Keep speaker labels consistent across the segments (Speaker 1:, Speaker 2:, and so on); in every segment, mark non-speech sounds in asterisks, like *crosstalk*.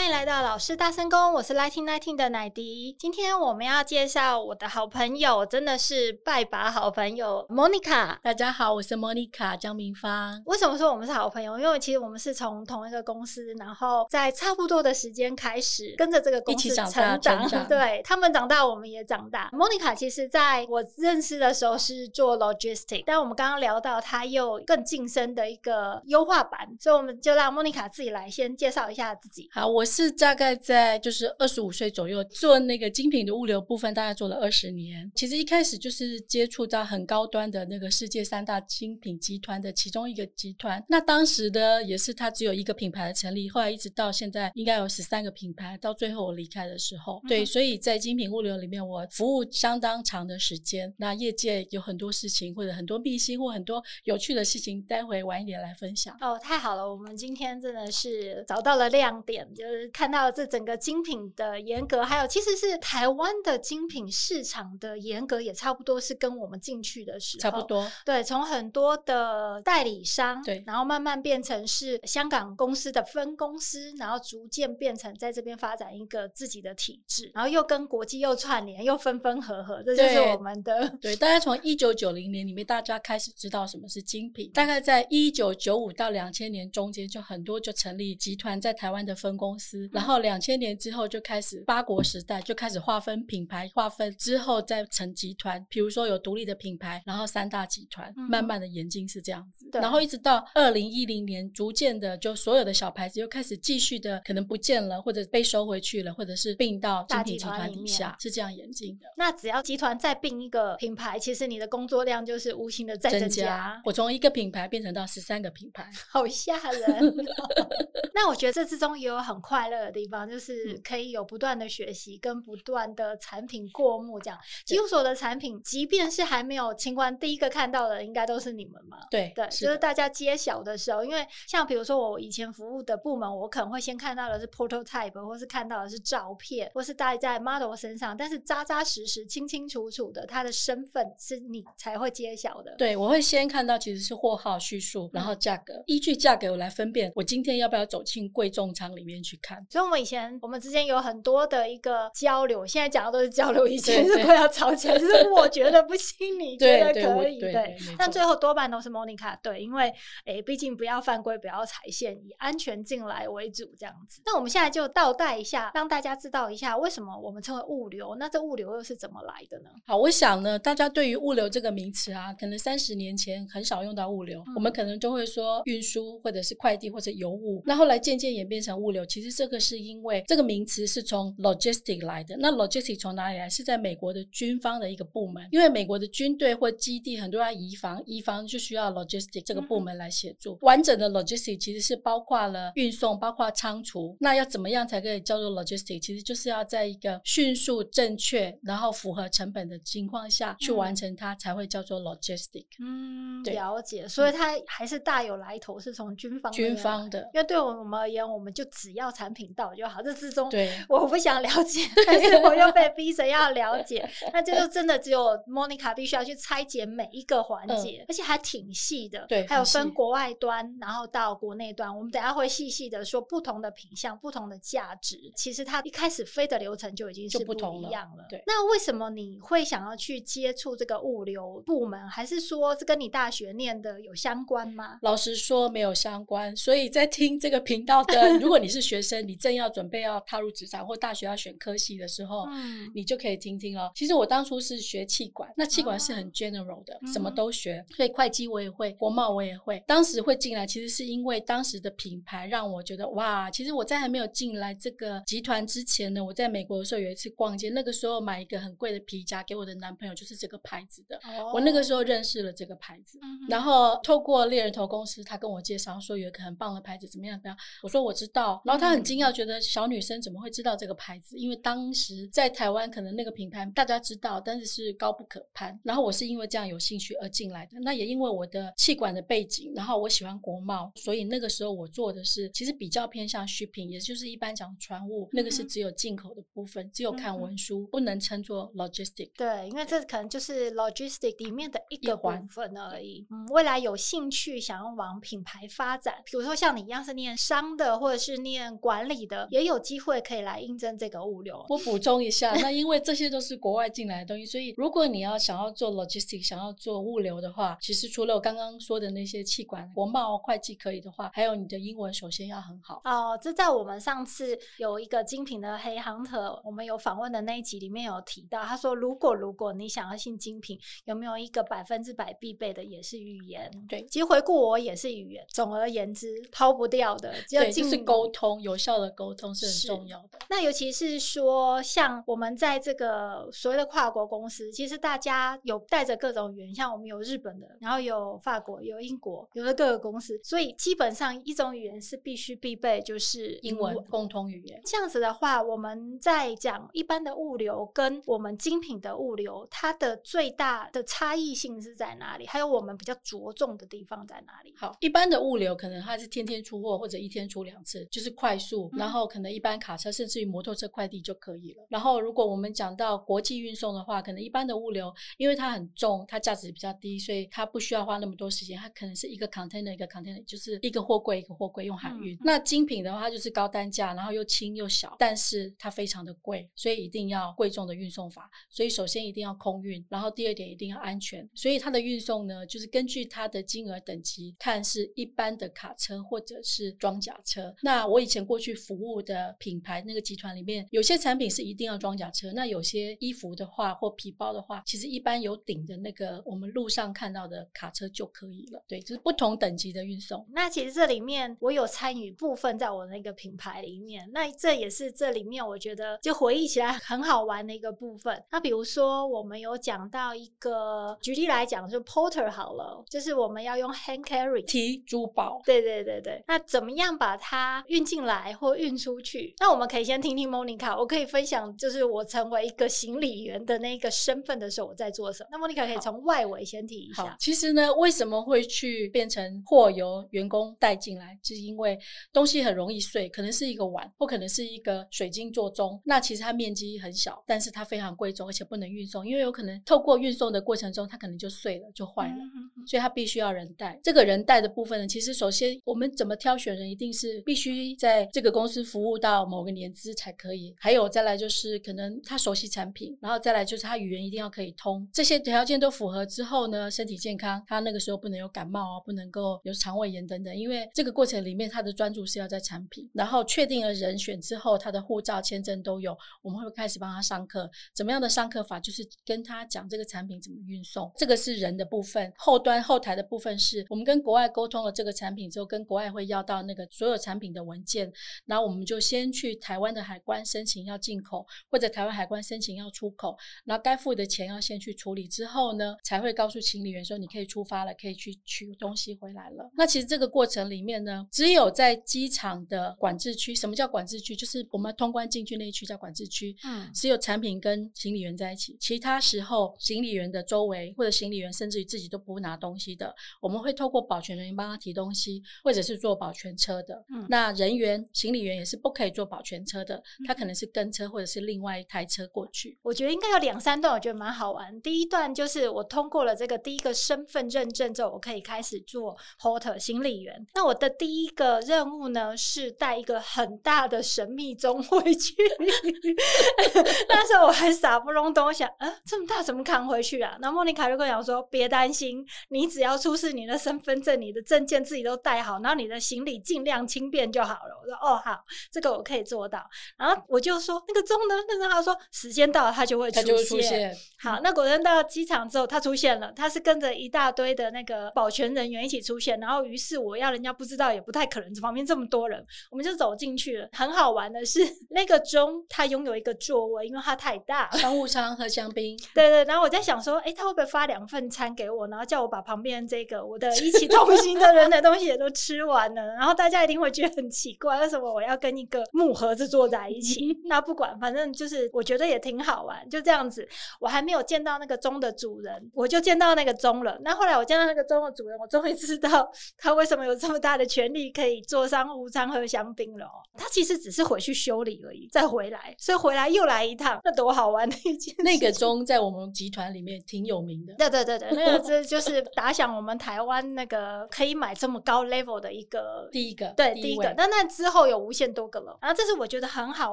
Speaker 1: 歡迎來到老師大聲公，我是 Lighting Nineteen 的奶迪。今天我們要介紹我的好朋友，真的是拜把好朋友，Monica。大家好，我是 Monica 江明芳。為什麼說我們是好朋友？因為其實我們是從同一個公司，然後在差不多的時間開始跟着這個公司成長、長、成長。對，他們長大，我們也長大。Monica 其實在我認識的時候是做 Logistic，但我們剛剛聊到，她又更晉升的一個優化版，所以我們就讓 Monica 自己來先介紹一下自己。
Speaker 2: 好，我。是大概在就是二十五歲左右做那個精品的物流部分，大概做了二十年。其實一開始就是接觸到很高端的那個世界三大精品集團的其中一個集團。那當時的也是它只有一個品牌的成立，後來一直到現在應該有十三個品牌。到最後我離開的時候，嗯，對，所以在精品物流裡面我服務相當長的時間。那業界有很多事情，或者很多秘辛，或者很多有趣的事情，待會晚一點來分享。
Speaker 1: 哦，太好了，我們今天真的是找到了亮點。就呃，看到這整個精品的嚴格，還有其實是台灣的精品市場的嚴格也差不多是跟我們進去的時候差不多。對，從很多的代理商，對，然後慢慢變成是香港公司的分公司，然後逐漸變成在這邊發展一個自己的體制，然後又跟國際又串聯，又分分合合，這就是我們的
Speaker 2: 對。對，大家從一九九零年裡面，大家開始知道什麼是精品。 *laughs* 大概在一九九五到兩千年中間，就很多就成立集團在台灣的分公司。司，然後兩千年之後就開始八國時代，就開始劃分品牌，劃分之後再成集團。比如說有獨立的品牌，然後三大集團慢慢的演進是這樣子，嗯，然後一直到二零一零年，逐漸的就所有的小牌子又開始繼續的可能不見了，或者被收回去了，或者是併到大集團底下團，是這樣演進
Speaker 1: 的。那只要集團再併一個品牌，其實你的工作量就是無形的增加，增加。
Speaker 2: 我從一個品牌變成到十三個品牌，
Speaker 1: 好嚇人哦。 *laughs* *laughs* 那我覺得這之中也有很快樂的地方就是可以有不斷的學習跟不斷的產品過目。這樣，幾、嗯、乎所有的產品，即便是還沒有清關，第一個看到的應該都是你們嘛？
Speaker 2: 對對，就是
Speaker 1: 大家揭曉的時候，因為像比如說我以前服務的部門，我可能會先看到的是 prototype，或是看到的是照片，或是戴在 model 身上，但是紮紮實實、清清楚楚的，它的身份是你才會揭曉的。
Speaker 2: 對，我會先看到其實是貨號、敘述，然後價格、嗯，依據價格我來分辨我今天要不要走進貴重倉裡面去。
Speaker 1: 所以，我們以前我們之間有很多的一個交流，現在講的都是交流。以前是快要吵起來，就是我覺得不行，你 *laughs* 覺得可以？對，對，對，對，對，但最後多半都是 Monica 對，因為誒、畢、欸、竟不要犯規，不要踩線，以安全進來為主，這樣子。那我們現在就倒帶一下，讓大家知道一下為什麼我們稱為物流？那這物流又是怎麼來的呢？
Speaker 2: 好，我想呢，大家對於物流這個名詞啊，可能三十年前很少用到物流，嗯、我們可能就會說運輸或者是快遞或者郵務，那、嗯、後、後來漸漸演變成物流，其實。這個是因為這個名詞是從 logistic 來的。那 logistic 從哪裡來？是在美國的軍方的一個部門。因為美國的軍隊或基地很多要移防，移防就需要 logistic 這個部門來協助。嗯嗯。完整的 logistic 其實是包括了運送，包括倉儲。那要怎麼樣才可以叫做 logistic？其實就是要在一個迅速、正確，然後符合成本的情況下去完成它，才會叫做 logistic。
Speaker 1: 嗯對，了解。所以它還是大有來頭，是從軍方軍方的。因為對我們而言，我們就只要。產品到就好，這之中我不想了解，但是我又被逼着要了解。 *laughs* 那就是真的，只有 Monica 必須要去拆解每一個環節、嗯，而且還挺細的。對，還有分國外端，然後到國內端。我們等下會細細的說不同的品相、不同的價值。其實它一開始飛的流程就已經是不一樣,不同了。對，那為什麼你會想要去接觸這個物流部門，還是說這跟你大學念的有相關嗎？
Speaker 2: 老實說沒有相關，所以在聽這個頻道的， *laughs* 如果你是學生。你正要準備要踏入職場或大學要選科系的時候，嗯、你就可以聽聽嘍。其實我當初是學企管，那企管是很 general 的，哦，什麼都學，所以會計我也會，國貿我也會。當時會進來，其實是因為當時的品牌讓我覺得哇，其實我在還沒有進來這個集團之前呢，我在美國的時候有一次逛街，那個時候買一個很貴的皮夾給我的男朋友，就是這個牌子的。哦，我那個時候認識了這個牌子，嗯，然後透過獵人頭公司，他跟我介紹說有一個很棒的牌子，怎麼樣怎麼樣？我說我知道，然後他很。很驚訝， *noise* 覺得小女生怎麼會知道這個牌子？因為當時在台灣，可能那個品牌大家知道，但是是高不可攀。然後我是因為這樣有興趣而進來的。mm -hmm。那也因為我的企管的背景，然後我喜歡國貿，所以那個時候我做的是其實比較偏向虛品，也就是一般講船務，mm -hmm. 那個是只有進口的部分，只有看文書，mm -hmm. 不能稱
Speaker 1: 作 logistic。對，因為這可能就是 logistic 裡面的一個部分而已。嗯，未來有興趣想要往品牌發展，比如說像你一樣是念商的，或者是念。管理的也有機會可以來應徵這個物流。我補充一下， *laughs* 那因為這些
Speaker 2: 都是國外進來的東西，所以如果你要想要做 logistics，想要做物流的話，其實除了我剛剛說的那些，企管、國貿、會計可以的話，還有你的英文首先要很好。
Speaker 1: 哦，這在我們上次有一個精品的 Headhunter，我們有訪問的那一集裡面有提到，他說如果如果你想要進精品，有沒有一個百分之百必備的，也是語言？對，對其實回顧我也是語言。總而言之，拋不掉的，要進、就是溝
Speaker 2: 通。有效的溝通是很重要的。
Speaker 1: 那尤其是說，像我們在這個所謂的跨國公司，其實大家有帶着各種語言，像我們有日本的，然後有法國，有英國，有的各個公司，所以基本上一種語言是必須必備，就是英文共通語言。這樣子的話，我們在講一般的物流跟我們精品的物流，它的最大的差異性是在哪裡？還有我們比較着重的地方在哪裡？好，一般的物流可能它是天天出貨，或者一天出兩次，就是
Speaker 2: 快。速，然後可能一般卡車，甚至於摩托車快遞就可以了。然後如果我們講到國際運送的話，可能一般的物流，因為它很重，它價值比較低，所以它不需要花那麼多時間。它可能是一個 container 一個 container，就是一個貨櫃一個貨櫃用海運嗯嗯。那精品的話，它就是高單價，然後又輕又小，但是它非常的貴，所以一定要貴重的運送法。所以首先一定要空運，然後第二點一定要安全。所以它的運送呢，就是根據它的金額等級，看是一般的卡車或者是裝甲車。那我以前。過去服務的品牌那個集團裡面，有些產品是一定要裝甲車，那有些衣服的話或皮包的話，其實一般有頂的那個我們路上看到的卡車就可
Speaker 1: 以了。對，就是不
Speaker 2: 同等級的運送。那
Speaker 1: 其實這裡面我有參與部分，在我那個品牌裡面，那這也是這裡面我覺得就回憶起來很好玩的一個部分。那比如說我們有講到一個舉例來講，就 Porter 好了，就是我們要用 hand carry 提珠寶。對對對對，那怎麼樣把它運進來？來或運出去，那我們可以先聽聽 Monica。我可以分享，就是我成為一個行李員的那個身份的時候，我在做什麼。那 Monica 可以從外圍先提一下。其實呢，為什麼
Speaker 2: 會去變成貨由員工帶進來，就是因為東西很容易碎，可能是一個碗，或可能是一個水晶座鐘。那其實它面積很小，但是它非常貴重，而且不能運送，因為有可能透過運送的過程中，它可能就碎了，就壞了，嗯嗯嗯。所以它必須要人帶。這個人帶的部分呢，其實首先我們怎麼挑選人，一定是必須在。這個公司服務到某個年資才可以，還有再來就是可能他熟悉產品，然後再來就是他語言一定要可以通，這些條件都符合之後呢，身體健康，他那個時候不能有感冒啊、哦，不能夠有腸胃炎等等，因為這個過程裡面他的專注是要在產品。然後確定了人選之後，他的護照簽證都有，我們會開始幫他上課，怎麼樣的上課法，就是跟他講這個產品怎麼運送，這個是人的部分。後端後台的部分是我們跟國外溝通了這個產品之後，跟國外會要到那個所有產品的文件。然後我們就先去台灣的海關申請要進口，或者台灣海關申請要出口。然後該付的錢要先去處理之後呢，才會告訴行李員說，你可以出發了，可以去取東西回來了。那其實這個過程裡面呢，只有在機場的管制區，什麼叫管制區？就是我們通關進去那一區叫管制區。嗯。只有產品跟行李員在一起，其他時候行李員的周圍或者行李員甚至於自己都不拿東西的，我們會透過保全人員幫他提東西，或者是坐保全車的。嗯。那人員。行李員也是不可以坐保全車的，他可能是跟車或者是另外一台車過去。
Speaker 1: 我覺得應該有兩三段，我覺得蠻好玩。第一段就是我通過了這個第一個身份認證之後，我可以開始做 porter 行李員。那我的第一個任務呢，是帶一個很大的神秘鐘回去。 *laughs* 那時候我還傻不隆咚想，啊，這麼大怎麼扛回去啊？然後莫妮卡就跟我說，別擔心，你只要出示你的身份證，你的證件自己都帶好，然後你的行李盡量輕便就好了。哦，好，這個我可以做到。然後我就說，那個鐘呢？但是他說，時間到了他就會出現，他就會出現。好，那果然到機場之後，他出現了。他是跟着一大堆的那個保全人員一起出現。然後，於是我要人家不知道，也不太可能，旁邊這麼多人，我們就走進去了。很好玩的是，那個鐘它擁有一個座位，因為它太大。商務艙和香檳， *laughs* 對對。然後我在想說，哎、欸，他會不會發兩份餐給我，然後叫我把旁邊這個我的一起同行的人的東西也都吃完了？ *laughs* 然後大家一定會覺得很奇怪。為什麼我要跟一個木盒子坐在一起？ *laughs* 那不管，反正就是我覺得也挺好玩，就這樣子。我還沒有見到那個鐘的主人，我就見到那個鐘了。那後，後來我見到那個鐘的主人，我終於知道他為什麼有這麼大的權力，可以坐商務艙喝香檳了、喔。他其實只是回去修理而已，再回來，所以回來又來一趟，那多好玩的一件。那個鐘在我們集團裡面挺有名的。 *laughs* 對，對對對對，那個是就是打響我們台灣那個可以買這麼高 level 的一個第一個，對，第一，對第一個。那那之。最後有無限多個了，然後這是我覺得很好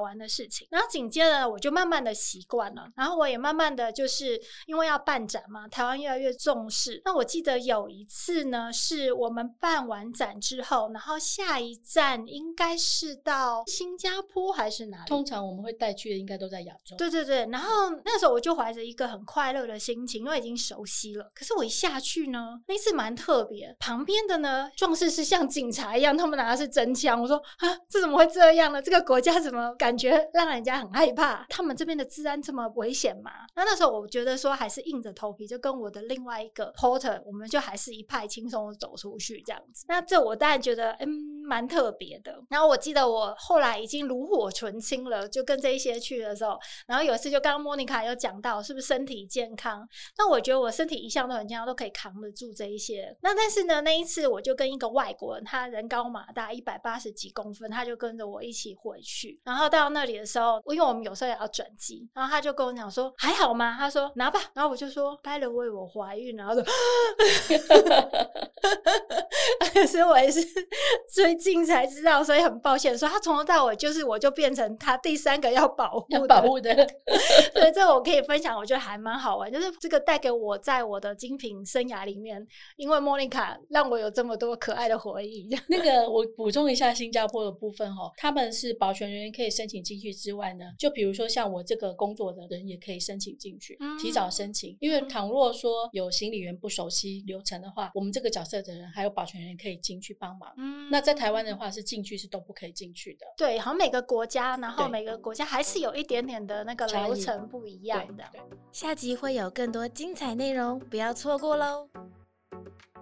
Speaker 1: 玩的事情。然後緊接着我就慢慢的習慣了，然後我也慢慢的就是因為要辦展嘛，台灣越來越重視。那我記得有一次呢，是我們辦完展之後，然後下一站應該是到新加坡還是哪裡？通常我們會帶去的應該都在亞洲。對對對。然後那時候我就懷着一個很快樂的心情，因為已經熟悉了。可是我一下去呢，那次蠻特別，旁邊的呢，壯士是像警察一樣，他們拿的是真槍，我說。這怎麼會這樣呢？這個國家怎麼感覺讓人家很害怕？他們這邊的治安這麼危險嗎？那那時候我覺得說還是硬着頭皮，就跟我的另外一個 porter，我們就還是一派輕鬆的走出去這樣子。那這我當然覺得，嗯、欸。蠻特別的。然後我記得我後來已經爐火純青了，就跟這一些去的時候，然後有一次就剛剛莫妮卡又講到是不是身體健康？那我覺得我身體一向都很健康，都可以扛得住這一些。那但是呢，那一次我就跟一個外國人，他人高馬大，一百八十幾公分，他就跟着我一起回去。然後到那裡的時候，因為我們有時候也要轉機，然後他就跟我講說：“還好嗎？”他說：“拿吧。”然後我就說：“拜了，為我懷孕。”然後就。 *laughs* *laughs* 可是我也是最近才知道，所以很抱歉。說他從頭到尾就是，我就變成他第三個要保護、保護的。所以 *laughs* 這個我可以分享，我覺得還蠻好玩，就是這個帶給我在我的精品生涯裡面，因為莫妮卡讓我有這麼多可愛的回憶。那個我補充一下新加坡的部分哈，他們
Speaker 2: 是保全人員可以申請進去之外呢，就比如說像我這個工作的人也可以申請進去、嗯，提早申請。因為倘若說有行李員不熟悉流程的話，我們這個角色的人還有保全人員可以。可以進去幫忙。嗯，那在台灣的話，是進去是都不可以進去的。
Speaker 1: 對，好像每個國家，然後每個國家還是有一點點的那個流程不一樣的。下集會有更多精彩內容，不要錯過嘍！